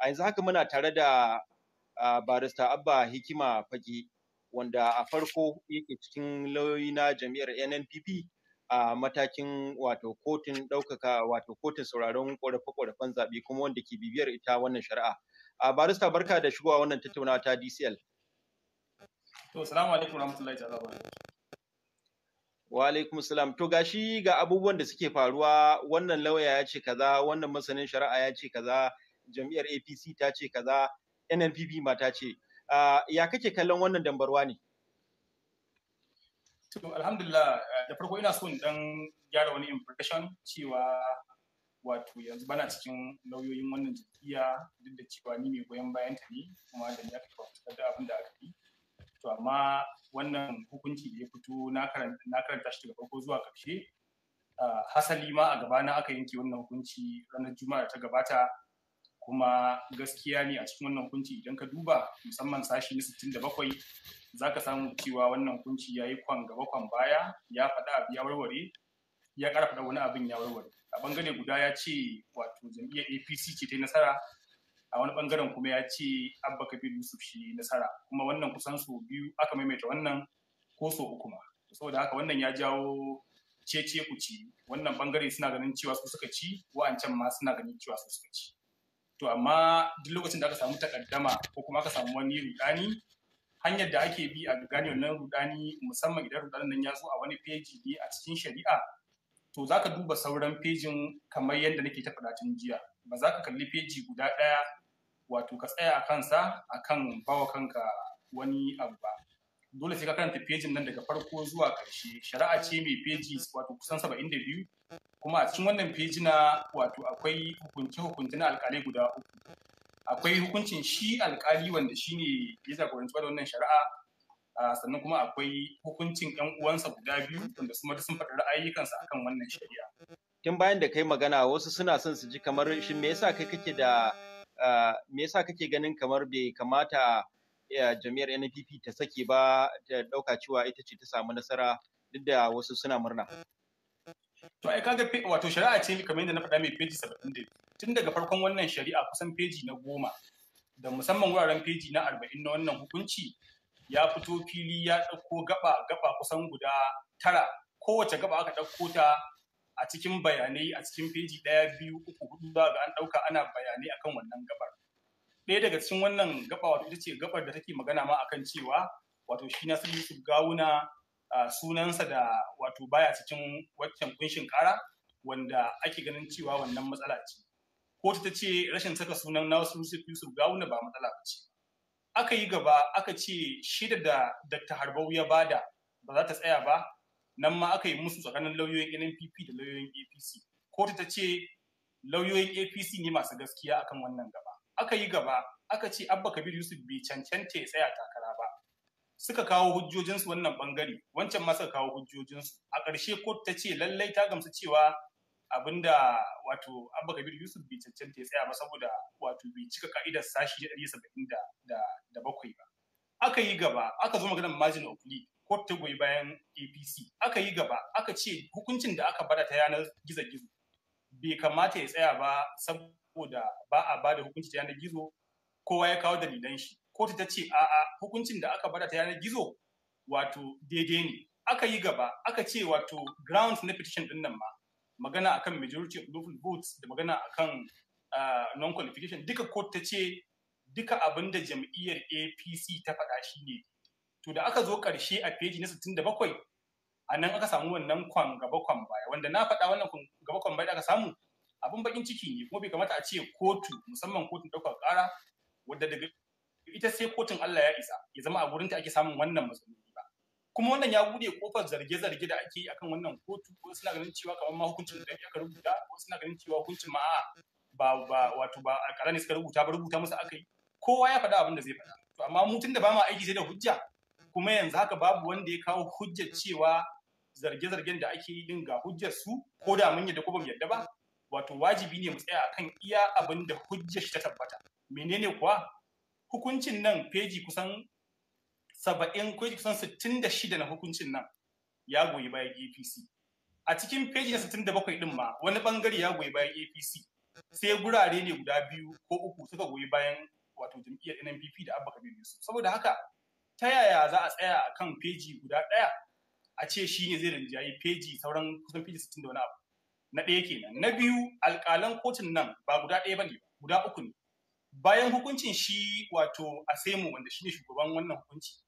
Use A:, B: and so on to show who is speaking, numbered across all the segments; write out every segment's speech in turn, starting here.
A: a yanzu haka muna tare da barista abba hikima fage wanda a farko yake cikin lauyoyi na jami'ar nnpp a matakin wato kotun ɗaukaka wato kotun sauraron ƙorafe-ƙorafen zaɓe kuma wanda ke bibiyar ita wannan shari'a a barista barka da shigowa wannan tattaunawa ta dcl
B: to salamu alaikum rahmatullahi ta'ala
A: wa alaikum salam to gashi ga abubuwan da suke faruwa wannan lauya ya ce kaza wannan masanin shari'a ya ce kaza jam'iyyar APC ta ce kaza NNPP ma ta ce ya kake kallon wannan dambarwa ne
B: to alhamdulillah da farko ina so in dan gyara wani impression cewa wato yanzu bana cikin lauyoyin wannan jam'iyya duk da cewa ni mai goyon bayan ta ne kuma da ni aka tabbatar da abin da aka yi to amma wannan hukunci da ya fito na karanta shi daga farko zuwa ƙarshe hasali ma a gaba na aka yanke wannan hukunci ranar juma'a ta gabata kuma gaskiya ne a cikin wannan kunci, idan ka duba musamman sashi na 67 za ka samu cewa wannan kunci ya yi kwan gaba kwan baya ya faɗa abu ya warware ya ƙara faɗa wani abin ya warware a bangare guda ya ce wato jam'iyyar apc ce ta yi nasara a wani bangaren kuma ya ce abba kabir yusuf shi nasara kuma wannan kusan so biyu aka maimaita wannan ko so uku ma saboda haka wannan ya jawo cece ku ci wannan bangare suna ganin cewa su suka ci wa'ancan ma suna ganin cewa su suka ci to amma duk lokacin da aka samu takaddama ko kuma aka samu wani rudani hanyar da ake bi a gane wannan rudani musamman idan rudanin nan ya zo a wani feji ne a cikin shari'a to zaka duba sauran fejin kamar yadda nake ta faɗa tun jiya ba za ka kalli feji guda ɗaya wato ka tsaya a kansa a kan bawa kanka wani abu ba dole sai ka karanta pejin nan daga farko zuwa ƙarshe shari'a ce mai peji wato kusan saba'in da biyu kuma a cikin wannan peji na wato akwai hukunce hukunce na alƙalai guda uku akwai hukuncin shi alkali wanda shine ya jagoranci da wannan shari'a sannan kuma akwai hukuncin yan uwansa guda biyu wanda su sun faɗi ra'ayikansa akan wannan shari'a
A: tun bayan da kai magana wasu suna son su ji kamar shin me yasa kai kake da me yasa kake ganin kamar bai kamata jami'ar NPP ta sake ba ta ɗauka cewa ita ce ta samu nasara duk da wasu suna murna.
B: To ai kaga wato shari'a ce kamar yadda na faɗa mai peji 72 tun daga farkon wannan shari'a kusan peji na goma da musamman wuraren feji na arba'in na wannan hukunci ya fito fili ya ɗauko gaba gaba kusan guda tara kowace gaba aka ɗauko ta a cikin bayanai a cikin feji ɗaya biyu uku hudu za ga an ɗauka ana bayanai akan wannan gabar. ɗaya daga cikin wannan gaba wato ita ce gabar da take magana ma akan cewa wato shi na yi Yusuf Gawuna sunansa da wato baya cikin waccan kunshin kara wanda ake ganin cewa wannan matsala ce. Kotu ta ce rashin saka sunan Nasiru Yusuf Gawuna ba matsala ba ce. Aka yi gaba aka ce shida da Dr. Harbau ya bada ba za ta tsaya ba nan ma aka yi musu tsakanin lauyoyin NNPP da lauyoyin APC. Kotu ta ce lauyoyin APC ne masu gaskiya akan wannan gaba. aka yi gaba aka ce abba kabir yusuf bai cancanta ya tsaya takara ba suka kawo hujjojinsu wannan bangare wancan ma suka kawo hujjojinsu a ƙarshe kot ta ce lallai ta gamsu cewa abinda wato abba kabir yusuf bai cancanta ya tsaya ba saboda wato bai cika ka'idar sashi na ɗari saba'in da da bakwai ba aka yi gaba aka zo maganar margin of league kot ta goyi bayan apc aka yi gaba aka ce hukuncin da aka bada ta yanar gizo-gizo bai kamata ya tsaya ba saboda ba a ba da hukunci ta yanar gizo kowa ya kawo dalilan shi kotu ta ce a'a hukuncin da aka bada ta yanar gizo wato daidai ne aka yi gaba aka ce wato grounds na petition din nan ma magana akan majority of lawful votes da magana akan ah, non qualification duka kotu ta ce duka abin da jam'iyyar APC ta faɗa shi ne to da aka zo ƙarshe a feji na 67 a nan aka samu wannan kwan gaba kwan baya wanda na faɗa wannan gaba kwan baya aka samu abin bakin ciki ne kuma bai kamata a ce kotu musamman kotun ɗaukar ƙara wadda daga ita sai kotun Allah ya isa ya zama a gurin ta ake samun wannan matsaloli ba kuma wannan ya bude kofar zarge-zarge da ake yi akan wannan kotu Ko suna ganin cewa kamar ma hukuncin da aka rubuta Ko suna ganin cewa hukuncin ma ba ba wato ba ne suka rubuta ba rubuta musu aka yi kowa ya faɗa abin da zai faɗa to amma mu da ba ma aiki sai da hujja kuma yanzu haka babu wanda ya kawo hujjar cewa zarge-zargen da ake yi din ga hujjar su ko da mun yadda ko ba mu yadda ba wato wajibi ne mu tsaya kan iya abin da hujjar shi ta tabbata menene kuwa hukuncin nan feji kusan saba'in ko kusan sittin da shida na hukuncin nan ya goyi bayan apc a cikin feji na sittin da bakwai ɗin ma wani bangare ya goyi bayan apc sai gurare ne guda biyu ko uku suka goyi bayan wato jam'iyyar nnpp da abba kabir yusuf saboda haka ta yaya za a tsaya a kan feji guda ɗaya a ce shi ne zai rinjaye feji sauran kusan feji sittin da wani abu na ɗaya kenan na biyu alƙalan kotun nan ba guda ɗaya ba ne guda uku ne bayan hukuncin shi wato semo wanda shine shugaban wannan hukunci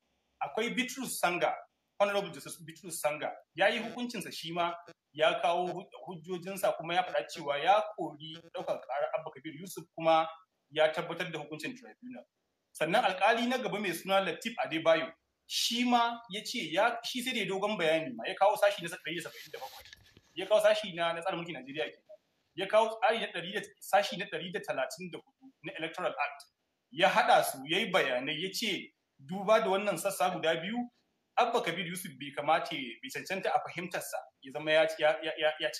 B: akwai bitrus sanga honorable justice bitrus sanga ya yi hukuncinsa shi ma ya kawo hujjojinsa kuma ya faɗa cewa ya kori ɗaukar ƙarar abba kabir yusuf kuma ya tabbatar da hukuncin tribunal sannan alƙali na gaba mai suna latif adebayo shi ma ya ce shi sai da dogon bayani ma ya kawo sashi na 77 ya kawo sashi na na tsarin mulkin Najeriya ke ya kawo tsari na ɗari sashi na ɗari da talatin da hudu na electoral act ya haɗa su ya yi bayanai ya ce duba da wannan sassa guda biyu abba kabir yusuf bai kamata bai cancanta a fahimtarsa ya zama ya cika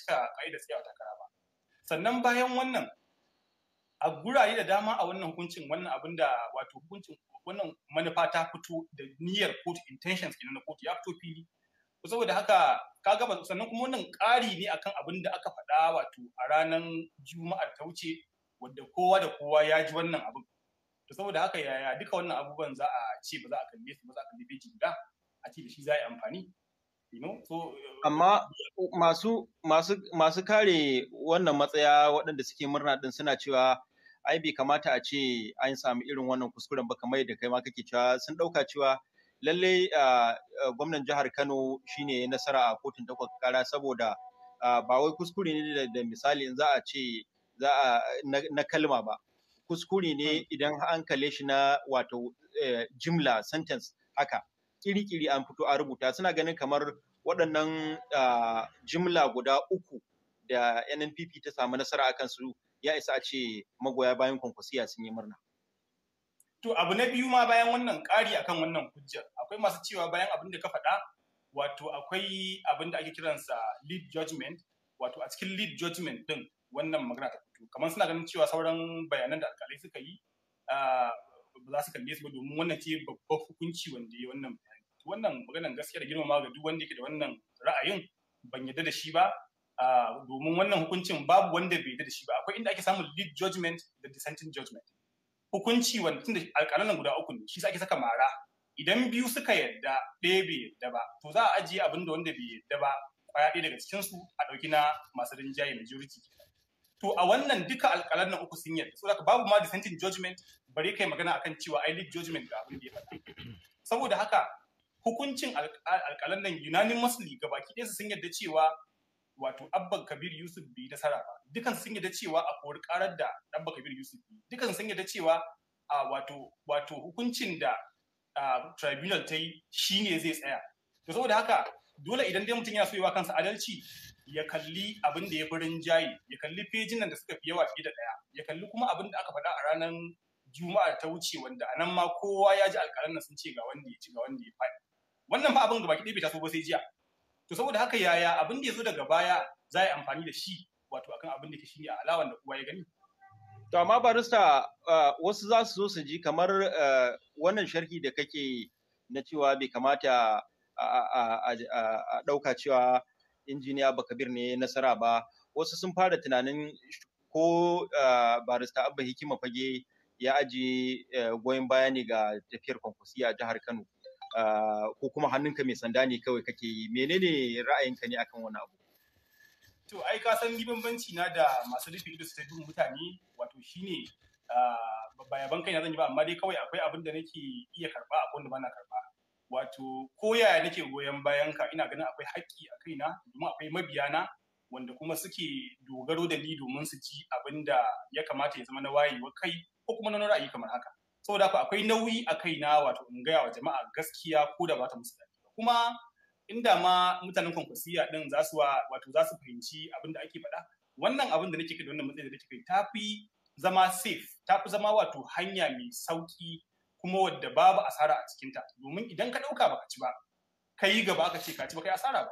B: ƙa'idar tsayawa takara ba sannan bayan wannan a gurare da dama a wannan hukuncin wannan abin da wato hukuncin wannan manufa ta fito da niyyar kotu intentions kenan na kotu ya fito fili saboda haka ka gaba sannan kuma wannan ƙari ne akan abin da aka faɗa wato a ranar juma'ar ta wuce wadda kowa da kowa ya ji wannan abin to saboda haka yaya duka wannan abubuwan za a ce ba za a kalle su ba za a kalle beji guda a ce da shi za a yi amfani
A: amma masu masu masu kare wannan matsaya waɗanda suke murna din suna cewa ai bai kamata a ce an samu irin wannan kuskuren ba kamar yadda kai ma kake cewa sun ɗauka cewa lalle gwamnan jihar Kano shine nasara a kotun takwas kara saboda ba wai kuskure ne da misali za a ce za a na kalma ba kuskure ne hmm. idan an kalle shi na wato e, jimla sentence haka kiri-kiri an fito a rubuta suna ganin kamar waɗannan jimla guda uku da NNPP ta samu nasara akan su ya isa a ce magoya bayan
B: kwankwasiya sun yi murna. To abu na biyu ma bayan wannan ƙari akan wannan hujjar akwai masu cewa bayan abin da ka faɗa wato akwai abin da ake kiransa lead judgment wato a cikin lead judgment din wannan magana ta fito kamar suna ganin cewa sauran bayanan da alkalai suka yi ba za su kalle su ba domin wannan ce babban hukunci wanda ya wannan bayani wannan maganan gaskiya da girmama ga duk wanda yake da wannan ra'ayin ban yadda da shi ba domin wannan hukuncin babu wanda bai yadda da shi ba akwai inda ake samun lead judgment da dissenting judgment hukunci wanda da alƙalanan guda uku ne shi sa ake saka mara idan biyu suka yadda ɗaya bai yadda ba to za a ajiye abin da wanda bai yadda ba kwaya ɗaya daga cikin su a ɗauki na masu rinjaye majority to a wannan duka alƙalan nan uku sun yadda saboda babu ma dissenting judgment bare kai magana akan cewa I leak judgment ga abin da ya faɗa saboda haka hukuncin alƙalan nan unanimously gabaki ɗaya sun yadda cewa wato abban kabir yusuf bai nasara ba dukan sun yadda cewa a kori karar da abba kabir yusuf dukan sun yadda cewa a wato hukuncin da tribunal ta yi ne zai tsaya to saboda haka dole idan dai mutum ya so yi wa kansa adalci ya kalli abin da ya fi rinjaye ya kalli fejinan da suka fi yawa fiye da ɗaya ya kalli kuma abin da aka faɗa a ranar juma'a ta wuce wanda a nan ma kowa ya ji alƙalan na sun ce ga wanda ya ci ga wanda ya faɗi wannan ba abin gaba ki ɗaya bai taso ba sai jiya to saboda haka yaya abin da ya zo daga baya za a yi amfani da shi wato akan abin da ke shi ne alawan da kowa ya gani
A: to amma barista wasu za su zo su ji kamar wannan sharhi da kake na cewa bai kamata a ɗauka cewa injiniya bakabir ne nasara ba wasu sun fara tunanin ko barista abba hikima fage ya ajiye goyon baya ne ga tafiyar kwankwasi a jihar kano Ah, ko kuma hannunka mai sanda ne kawai kake yi menene ra'ayinka ne akan wani abu
B: to ai ka san ni bambanci na da masu rufe ido su ta mutane wato shine ah, ba yaban kai na zan yi ba amma dai kawai akwai abin da nake iya karba akwai wanda bana karba wato ko yaya nake goyon bayan ka ina ganin akwai haƙƙi a kaina domin akwai na wanda kuma suke dogaro da ni domin su ci abin da ya kamata ya zama na wayewa kai ko kuma na ra'ayi kamar haka saboda ku akwai nauyi a kaina wato in gaya wa jama'a gaskiya ko da ba ta musu daɗi kuma inda ma mutanen kwankwasiya din za su wato za su fahimci abin da ake faɗa wannan abin da nake kai da wannan matsayin da nake kai ta fi zama safe ta fi zama wato hanya mai sauki kuma wadda babu asara a cikinta domin idan ka ɗauka baka ci ba ka yi gaba ka ce ka ci ba yi asara ba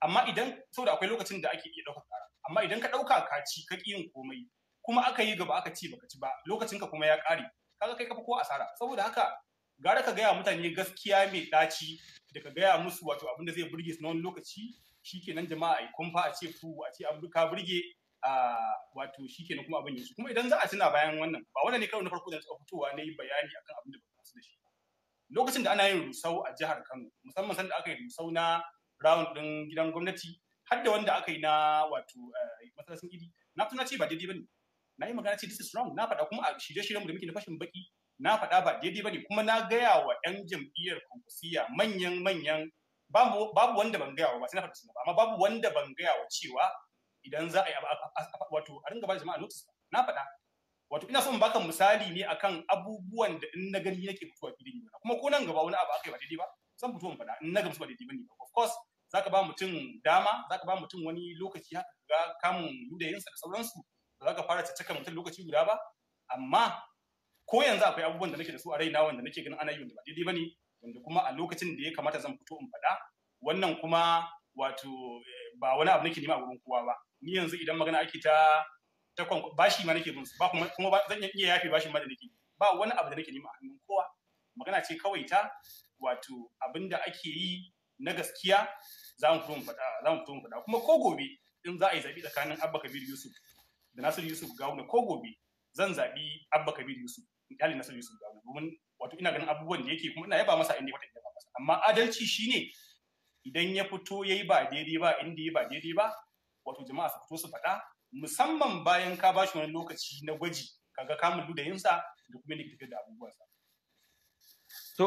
B: amma idan saboda akwai lokacin da ake iya ɗaukar asara, amma idan ka ɗauka ka ci ka ƙi yin komai kuma aka yi gaba aka ce baka ci ba lokacin ka kuma ya ƙare kaga kai ka ko asara saboda haka gara ka gaya mutane gaskiya mai ɗaci da ka gaya musu wato abin da zai burge su na wani lokaci shikenan jama'a ai kumfa a ce fu a ce ka burge a wato shikenan kuma abin yanzu kuma idan za a tuna bayan wannan ba wannan ne karo na farko da tsaka fitowa na yi bayani akan abin da ba su da shi lokacin da ana yin rusau a jihar Kano musamman sanda aka yi rusau na round din gidan gwamnati har da wanda aka yi na wato eh, masallacin idi na tuna ce ba daidai bane na yi magana ce this is wrong na faɗa kuma a shirye-shiryen mu da muke na fashin baki na faɗa ba daidai bane kuma na gaya wa 'yan jam'iyyar konkursiya manyan manyan babu wanda ban gaya wa ba sai na faɗa suna ba amma babu wanda ban gaya wa cewa idan za a yi wato a ringa ba jama'a notice na faɗa wato ina so in baka misali ne akan abubuwan da in na gani nake fitowa filin yau kuma ko nan gaba wani abu aka yi ba daidai ba san fito in faɗa in na gamsu ba daidai bane of course zaka ba mutum dama zaka ba mutum wani lokaci haka ga kamun ludayinsa da sauransu ba za ka fara kan mutum lokaci guda ba amma ko yanzu akwai abubuwan da nake da su a raina wanda nake ganin ana yi wanda ba daidai bane wanda kuma a lokacin da ya kamata zan fito in faɗa wannan kuma wato eh, ba wani abu nake nema a gurin kowa ba ni yanzu idan magana ake ta ta kwan bashi ma nake bin su ba kuma kuma zan iya yafe bashi ma da nake ba wani abu da nake nema a hannun kowa magana ce kawai ta wato abinda ake yi na gaskiya za mu fito mu faɗa kuma ko gobe in za a yi zaɓi tsakanin abba kabir yusuf da Nasiru Yusuf Gawuna ko gobe zan zabi Abba Kabir Yusuf misali Nasiru Yusuf Gawuna domin wato ina ganin abubuwan da yake kuma ina yaba masa inda ya yaba masa amma adalci shine idan ya fito yayi ba daidai ba inda yayi ba daidai ba wato jama'a su fito su faɗa musamman bayan ka ba shi wani lokaci na gwaji kaga ka mulu da yinsa da kuma yadda kike da abubuwansa.
A: To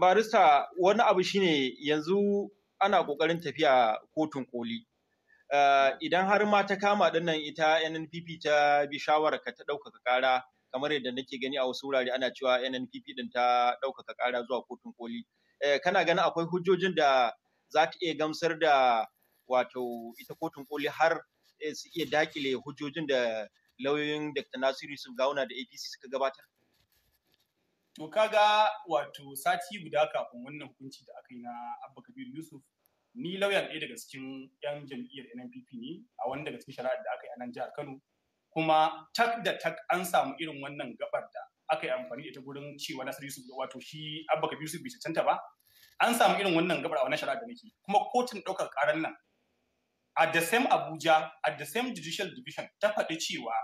A: barista wani abu shine yanzu ana kokarin tafiya kotun koli. Eh, idan har ma ta kama din nan ita NNPP ta bi shawararka ta ɗaukaka ƙara kamar yadda nake gani a wasu wurare ana cewa NNPP ɗin ta ɗaukaka ƙara zuwa kotun koli. Eh, kana ganin akwai hujjojin da za ta iya gamsar da wato ita kotun koli har eh, su iya dakile hujjojin da lauyoyin Dr. Nasiru Yusuf Gawuna da APC
B: suka gabatar? To kaga wato sati guda kafin wannan hukunci da aka yi na Abba Kabir Yusuf ni lauyan ɗaya daga cikin 'yan jam'iyyar NNPP ne a wani daga cikin shari'ar da aka yi a nan jihar Kano kuma tak da tak an samu irin wannan gabar da aka yi amfani da ita gurin cewa Nasir Yusuf wato shi Abba Kabir Yusuf bai cancanta ba an samu irin wannan gabar a wannan shari'ar da nake kuma kotun ɗaukar ƙarar nan at the same Abuja a the same judicial division ta faɗi cewa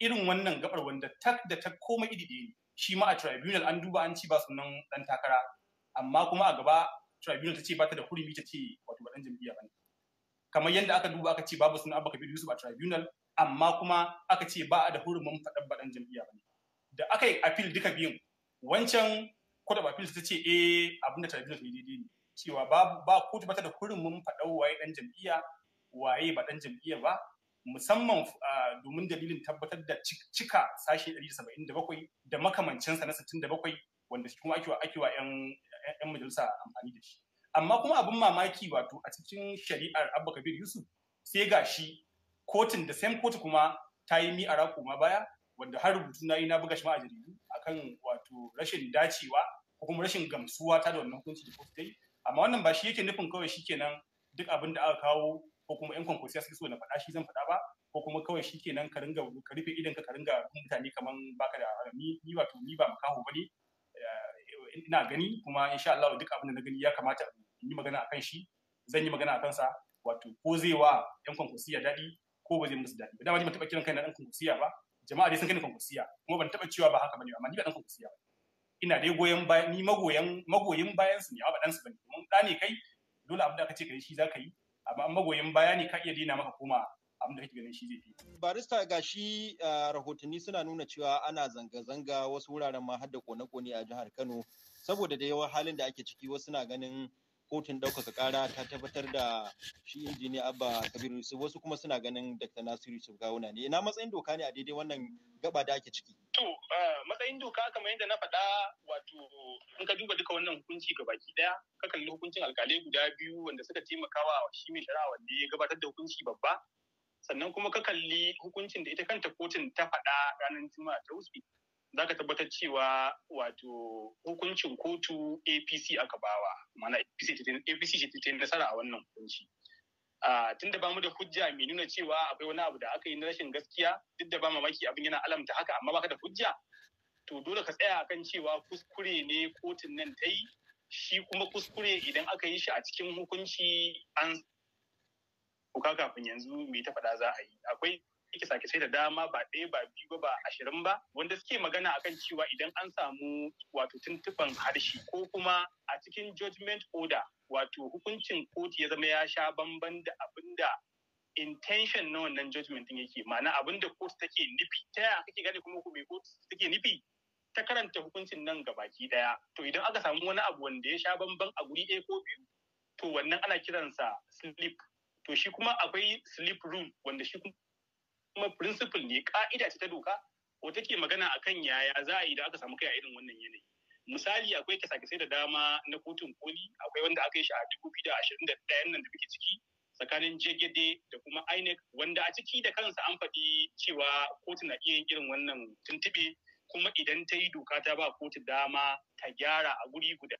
B: irin wannan gabar wanda tak da tak komai iri ɗaya ne shi ma a tribunal an duba an ci ba sunan ɗan takara amma kuma a gaba tribunal ta ce ba ta da hurumi ta ce wato ba dan jam'iyya ba ne kamar yadda aka duba aka ce babu sunan abba kabiru yusuf a tribunal amma kuma aka ce ba a da hurumin faɗan baɗan jam'iyya ba ne da aka yi appeal duka biyun wancan court of appeal ta ce eh abin da tribunal ne daidai ne cewa ba ba kotu ba ta da hurumin faɗan waye ɗan jam'iyya waye ba ɗan jam'iyya ba musamman domin dalilin tabbatar da cika sashe 177 da makamancinsa na 67 wanda kuma ake wa 'yan 'yan majalisa amfani da shi amma kuma abin mamaki wato a cikin shari'ar abba kabir yusuf sai ga shi kotun da same kotu kuma ta yi mi a ma baya wanda har rubutu na yi na buga shi ma a jaridu akan wato rashin dacewa ko kuma rashin gamsuwa ta da wannan hukunci da kotu ta yi amma wannan ba shi yake nufin kawai shi kenan duk abin da aka kawo ko kuma yan kwankwasiya suke so na faɗa shi zan faɗa ba ko kuma kawai shi kenan ka ringa ka rufe idan ka ringa mutane kaman baka da ni wato ni ba makaho bane ina gani kuma insha Allah duk abin da na gani ya kamata in yi magana akan shi zan yi magana akan sa wato ko zai wa yan konkursiya dadi ko ba zai musu dadi ba dama ban taɓa kiran kaina dan konkursiya ba jama'a dai sun kani konkursiya kuma ban taɓa cewa ba haka bane amma ni ba dan konkursiya ba ina dai goyen bayan ni magoyan magoyin bayan su ne ba dan su bane domin ɗa ne kai dole abin da aka ce kai shi za ka yi amma magoyin baya ne ka iya dina maka koma abin ganin shi zai
A: Barista ga shi rahotanni suna nuna cewa ana zanga-zanga wasu wuraren ma har da kone-kone a jihar Kano saboda da yawan halin da ake ciki wasu na ganin kotun ɗaukaka ƙara ta tabbatar da shi injiniya abba kabir yusuf wasu kuma suna ganin dr nasiru yusuf gawuna ne ina matsayin doka ne a daidai wannan gaba da ake ciki
B: to matsayin doka kamar yadda na faɗa wato in ka duba duka wannan hukunci ga baki ɗaya ka kalli hukuncin alkalai guda biyu wanda suka taimakawa shi mai shari'a wanda ya gabatar da hukunci babba sannan kuma ka kalli hukuncin da ita kanta kotun ta faɗa ranar juma'a ta wuce za ka tabbatar cewa wato hukuncin kotu apc aka bawa mana apc ce ta nasara a wannan hukunci tun da bamu da hujja mai nuna cewa akwai wani abu da aka yi na rashin gaskiya duk da ba mamaki abin yana alamta haka amma baka da hujja to dole ka tsaya kan cewa kuskure ne kotun nan ta yi shi kuma kuskure idan aka yi shi a cikin hukunci an ko kafin yanzu me ta faɗa za a yi akwai yake sai da dama ba ɗaya ba biyu ba ashirin ba wanda suke magana akan cewa idan an samu wato tuntuɓan harshe ko kuma a cikin judgment order wato hukuncin kotu ya zama ya sha bamban da abin da intention na wannan judgment din yake ma'ana abin da kotu take nufi ta yaya kake gane kuma me kotu take nufi ta karanta hukuncin nan gabaki daya to idan aka samu wani abu wanda ya sha bamban a guri ɗaya ko biyu to wannan ana kiransa slip to shi kuma akwai sleep rule wanda shi kuma principle ne ka'ida ce ta doka ko take magana a akan yaya za a yi da aka samu kai a irin wannan yanayi misali akwai kyasa da dama na kotun koli akwai wanda aka yi shi a dubu biyu da ashirin da nan da muke ciki tsakanin jegede da kuma inec wanda a ciki da kansa an faɗi cewa kotu na iya yin irin wannan tuntuɓe kuma idan ta yi doka ta ba kotu dama ta gyara a guri guda